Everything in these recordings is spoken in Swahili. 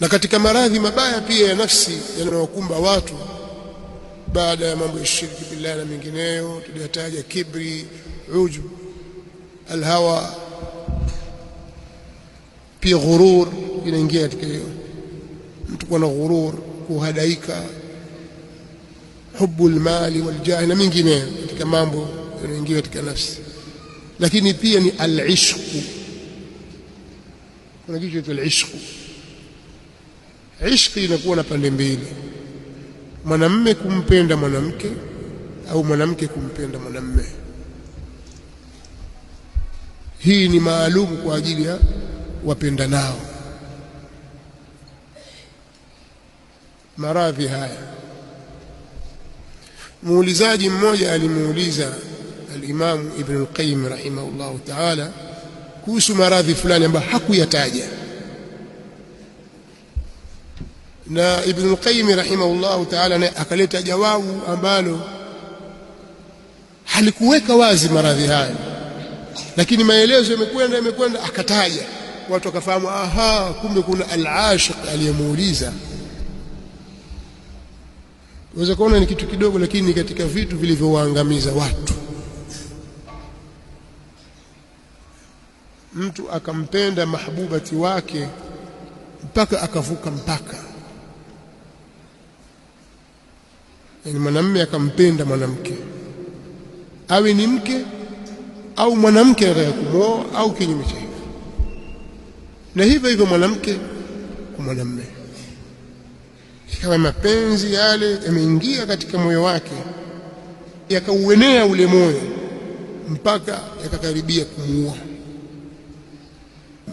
Na katika maradhi mabaya pia ya nafsi yanayokumba watu baada ya mambo ya shirki billahi na mengineyo, tuliyataja kibri, ujub, alhawa, pia ghurur inaingia katika hiyo, mtu kuwa na ghurur, kuhadaika, hubu lmali waljahi na mengineyo, katika mambo yanayoingia katika nafsi. Lakini pia ni alishqu, kuna kitu cha alishku Ishki inakuwa na pande mbili, mwanamme kumpenda mwanamke au mwanamke kumpenda mwanamme. Hii ni maalumu kwa ajili ya wapenda nao Maradhi haya, muulizaji mmoja alimuuliza Alimamu Ibnul Qayyim rahimahullahu taala kuhusu maradhi fulani ambayo hakuyataja na Ibn qayyim rahimahullahu ta'ala naye akaleta jawabu ambalo halikuweka wazi maradhi hayo, lakini maelezo yamekwenda yamekwenda, akataja watu wakafahamu, aha, kumbe kuna al-ashiq aliyemuuliza. Unaweza kuona ni kitu kidogo, lakini ni katika vitu vilivyowaangamiza watu. Mtu akampenda mahbubati wake mpaka akavuka mpaka yani mwanamume akampenda mwanamke, awe ni mke au mwanamke anataka kumwoa au kinyume cha hivyo, na hivyo hivyo mwanamke kwa mwanamume, ikawa mapenzi yale yameingia katika moyo wake, yakauenea ule moyo mpaka yakakaribia kumuua.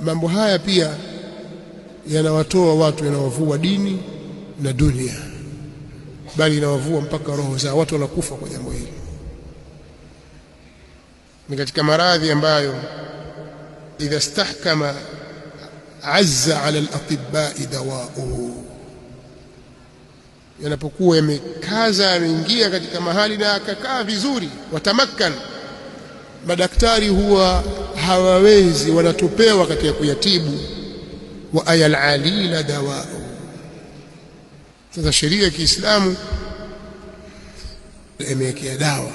Mambo haya pia yanawatoa watu, yanawavua dini na dunia bali inawavua mpaka roho zao, watu wanakufa kwa jambo hili. Ni katika maradhi ambayo idha stahkama azza ala alatibbai dawauhu, yanapokuwa yamekaza yameingia katika mahali na akakaa vizuri, watamakkan, madaktari huwa hawawezi, wanatopewa katika kuyatibu. wa ayal alila dawauhu Sasa sheria ya Kiislamu imewekea dawa.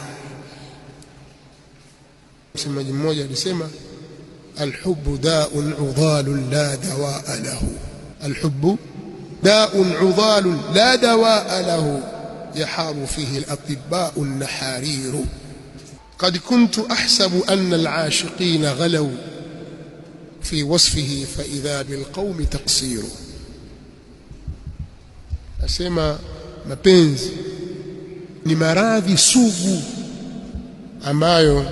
Msemaji mmoja alisema alhubbu daun udhalun la dawaa lahu, alhubbu daun udhalun la dawaa lahu yaharu fihi alatibau nahariru قد كنت أحسب أن العاشقين غلوا في وصفه فإذا بالقوم تقصير Asema mapenzi ni maradhi sugu ambayo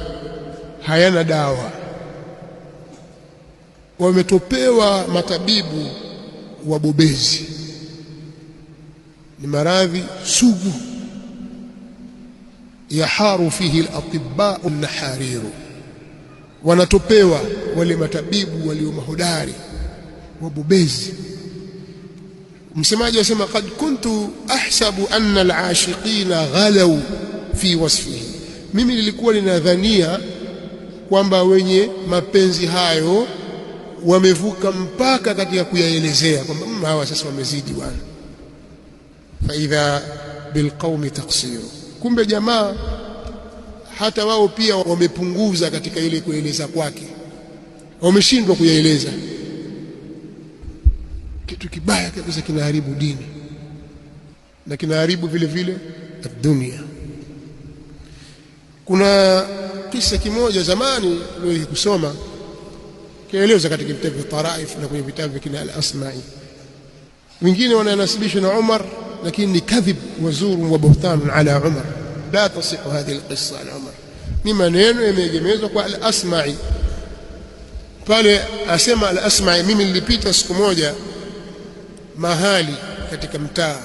hayana dawa. Wametopewa matabibu wabobezi, ni maradhi sugu. Yaharu fihi al nahariru wanatopewa wale matabibu walio mahodari wabobezi msemaji asema qad kuntu ahsabu anna al-ashiqina ghalau fi wasfihi mimi nilikuwa ninadhania kwamba wenye mapenzi hayo wamevuka mpaka katika kuyaelezea kwamba mm, hawa sasa wamezidi bwana faidha bilqaumi taksiru kumbe jamaa hata wao pia wamepunguza katika ile kueleza kwake wameshindwa kuyaeleza kitu kibaya kabisa kinaharibu dini na kinaharibu vile vile dunia. Kuna kisa kimoja zamani niliwahi kusoma kieleza katika vitabu vya Taraif na kwenye vitabu vya kina Al-Asma'i. Wengine wananasibishwa na Umar, lakini ni kadhib wazuru wa buhtan ala Umar, la tasihu hadhihi alqissa ala Umar, ni maneno yameegemezwa kwa Al-Asma'i pale asema Al-Asma'i, mimi nilipita siku moja mahali katika mtaa,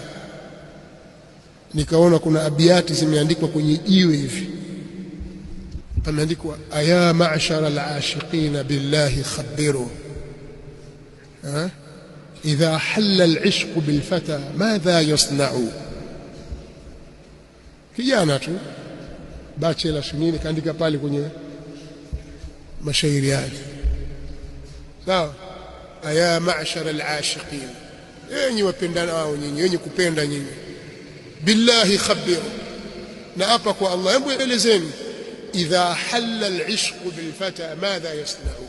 nikaona kuna abiati zimeandikwa kwenye jiwe hivi, pameandikwa aya ma'shara al billahi khabiru idha hala al bilfata madha yasna'u. Kijana tu bachela shunini kaandika pale kwenye mashairi yake, sawa. aya ma'shara al enyi wao nyinyi wenye kupenda nyinyi billahi khabiru na hapa kwa Allah hebu elezeni idha halla lishqu bilfata madha yasnau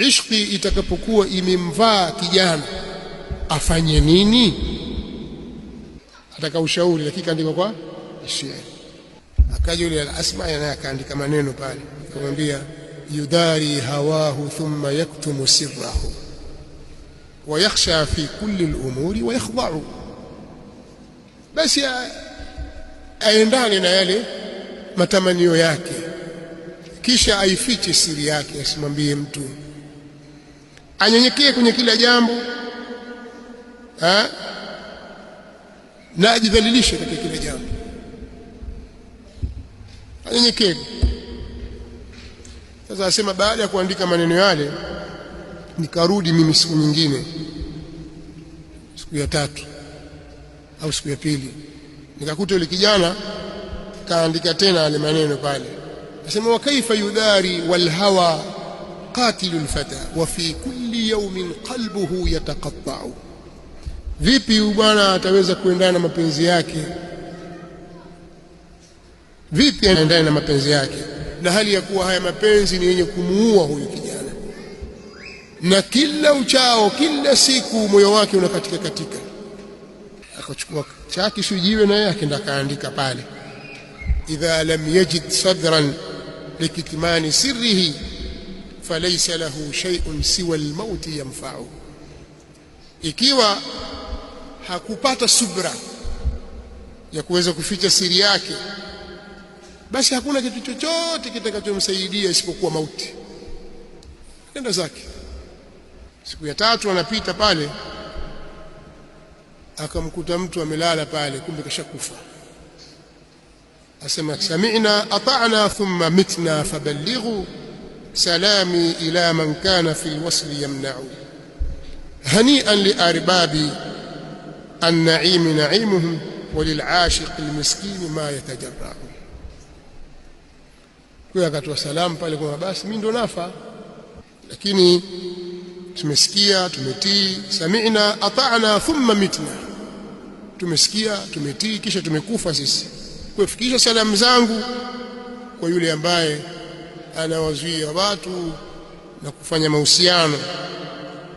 ishqi itakapokuwa imemvaa kijana afanye nini ataka ushauri lakini ndiko kwa ishirini akaja yule al-Asma naye akaandika maneno pale akamwambia yudari hawahu thumma yaktumu sirrahu ويخشى في كل الأمور ويخضع basi aendane na yale matamanio yake kisha aifiche siri yake asimwambie mtu anyenyekee kwenye kila jambo ha? na ajidhalilishe katika kila jambo anyenyekee sasa asema baada ya kuandika maneno yale nikarudi mimi siku nyingine, siku ya tatu au siku ya pili, nikakuta yule kijana kaandika tena yale maneno pale, asema wa kaifa yudari walhawa qatilu lfata wa fi kulli yaumin qalbuhu yataqattau, vipi bwana ataweza kuendana na mapenzi yake? Vipi anaendana na mapenzi yake, na hali ya kuwa haya mapenzi ni yenye kumuua huyu kijana? na kila uchao kila siku moyo wake unakatika katika akachukua chaki sujiwe, naye akenda akaenda kaandika pale idha lam yajid sadran likitmani sirrihi falaysa lahu shay'un siwa almaut yanfa'u ikiwa hakupata subra ya kuweza kuficha siri yake basi hakuna kitu chochote kitakachomsaidia isipokuwa mauti nenda zake siku ya tatu anapita pale akamkuta mtu amelala pale kumbe kashakufa asema sami'na ata'na thumma mitna faballighu salami ila man kana fi alwasl yamna'u hani'an li arbabi an-na'im na'imuhum وللعاشق المسكين ما يتجرع kwa akatoa salamu pale kwa basi mi ndo nafa lakini tumesikia tumetii sami'na ata'na thumma mitna tumesikia tumetii kisha tumekufa sisi kufikisha salamu zangu kwa yule ambaye anawazuia watu na kufanya mahusiano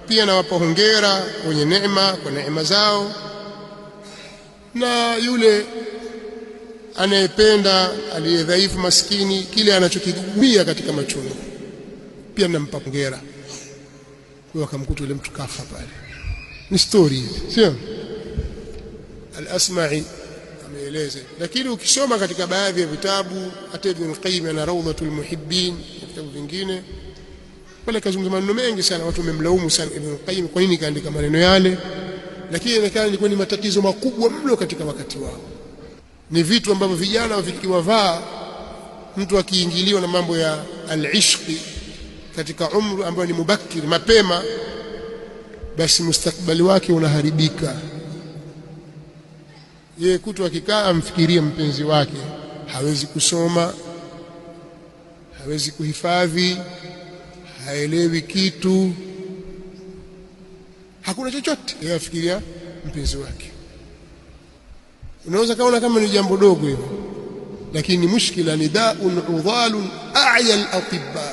pia nawapa hongera kwenye neema kwa neema zao na yule anayependa aliyedhaifu maskini kile anachokigumia katika machungu pia nampa hongera wakamkuta yule mtu kafa pale. Ni story sio? Al-Asma'i ameeleza, lakini ukisoma katika baadhi ya vitabu, hata Ibn Qayyim ana Rawdatul Muhibbin na vitabu vingine pale kazungumza maneno mengi sana, watu wamemlaumu sana Ibn Qayyim kwa nini kaandika maneno yale, lakini inaonekana ilikuwa ni matatizo makubwa mno katika wakati wao. Ni vitu ambavyo vijana vikiwavaa, mtu akiingiliwa na mambo ya al-ishqi katika umru ambayo ni mubakiri mapema basi mustakbali wake unaharibika yeye kutu akikaa amfikirie mpenzi wake hawezi kusoma hawezi kuhifadhi haelewi kitu hakuna chochote yeye afikiria mpenzi wake unaweza kaona kama ni jambo dogo hivyo lakini mushkila ni daun udhalun a'ya al-atibba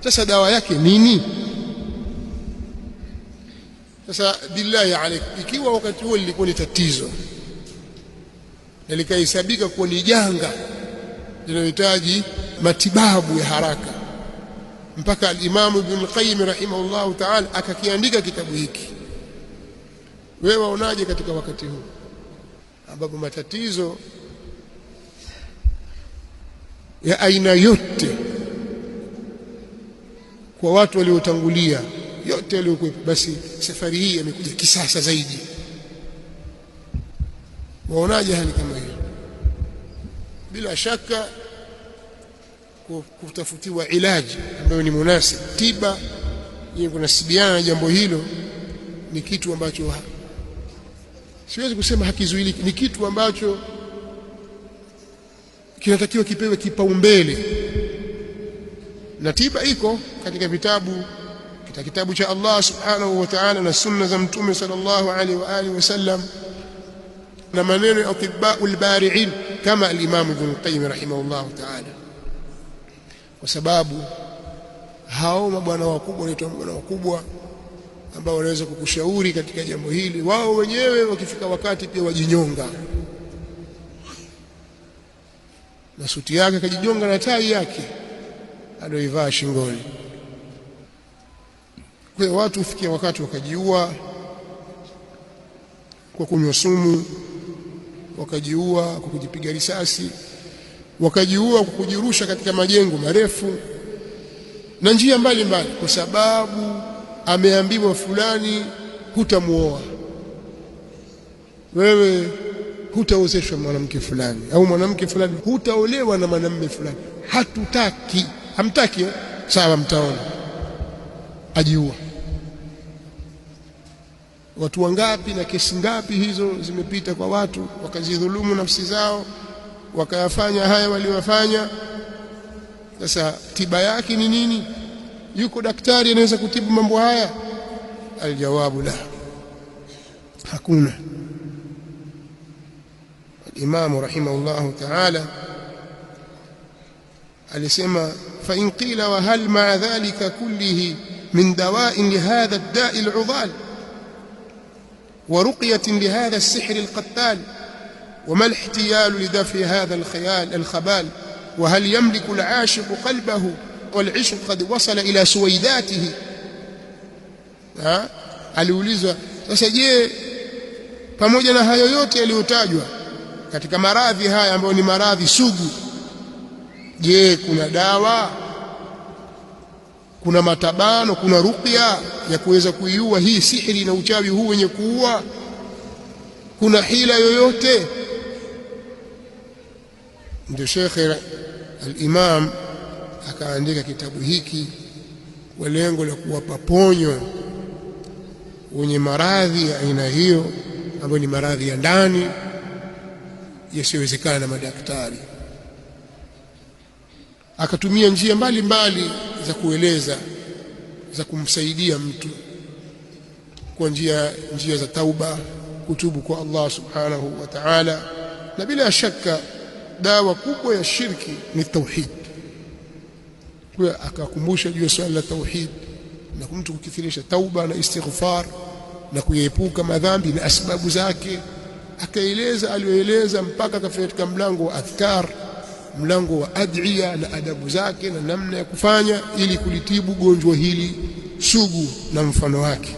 sasa dawa yake nini? Sasa billahi alek, ikiwa wakati huo lilikuwa ni tatizo na likahesabika kuwa ni janga linalohitaji matibabu ya haraka, mpaka alimamu Ibn Qayyim rahimahullahu taala akakiandika kitabu hiki, wewe waonaje katika wakati huu ambapo matatizo ya aina yote kwa watu waliotangulia yote yaliyokuwepo, basi safari hii yamekuja kisasa zaidi. Waonaje hali kama hiyo? Bila shaka kutafutiwa ilaji ambayo ni munasib, tiba yenye kunasibiana na jambo hilo ni kitu ambacho siwezi kusema hakizuiliki, ni kitu ambacho kinatakiwa kipewe kipaumbele na tiba iko katika vitabu katika kitabu cha Allah subhanahu wa ta'ala na sunna za mtume sallallahu alaihi wa alihi wasallam na maneno ya atibaul bari'in kama al-Imam Ibn Qayyim rahimahullahu ta'ala kwa sababu hao mabwana wakubwa wanaitwa mabwana wakubwa ambao wanaweza kukushauri katika jambo hili wao wenyewe wakifika wakati pia wajinyonga na suti yake akajinyonga na tai yake aliyoivaa shingoni. Kwa hiyo watu hufikia wakati wakajiua kwa kunywa sumu, wakajiua kwa kujipiga risasi, wakajiua kwa kujirusha katika majengo marefu na njia mbalimbali, kwa sababu ameambiwa fulani, hutamwoa wewe, hutaozeshwa mwanamke fulani, au mwanamke fulani hutaolewa na mwanamume fulani, hatutaki hamtaki eh? sawa, mtaona ajiua. Watu wangapi na kesi ngapi hizo zimepita kwa watu, wakazidhulumu nafsi zao, wakayafanya haya waliyofanya. Sasa tiba yake ni nini? Yuko daktari anaweza kutibu mambo haya? Aljawabu la hakuna. Alimamu rahimahullahu taala الاسم فإن قيل وهل مع ذلك كله من دواء لهذا الداء العضال ورقية لهذا السحر القتال وما الاحتيال لدفع هذا الخيال الخبال وهل يملك العاشق قلبه والعشق قد وصل إلى سويداته الوليزة تسجيه pamoja فموجنا hayo yote yaliyotajwa katika maradhi haya ambayo ni maradhi sugu Je, kuna dawa, kuna matabano, kuna ruqya ya kuweza kuiua hii sihiri na uchawi huu wenye kuua? Kuna hila yoyote? Ndio Shekhe Alimam akaandika kitabu hiki kwa lengo la kuwapa ponyo wenye maradhi ya aina hiyo ambayo ni maradhi ya ndani yasiyowezekana na madaktari akatumia njia mbalimbali mbali za kueleza za kumsaidia mtu kwa njia, njia za tauba, kutubu kwa Allah subhanahu wa ta'ala. Na bila shaka dawa kubwa ya shirki ni tauhid. Kwa akakumbusha juu ya swala la tauhid na mtu kukithirisha tauba na istighfar na kuyaepuka madhambi na asbabu zake, akaeleza aliyoeleza mpaka katika mlango wa adhkar mlango wa adhiya na adabu zake na namna ya kufanya ili kulitibu gonjwa hili sugu na mfano wake.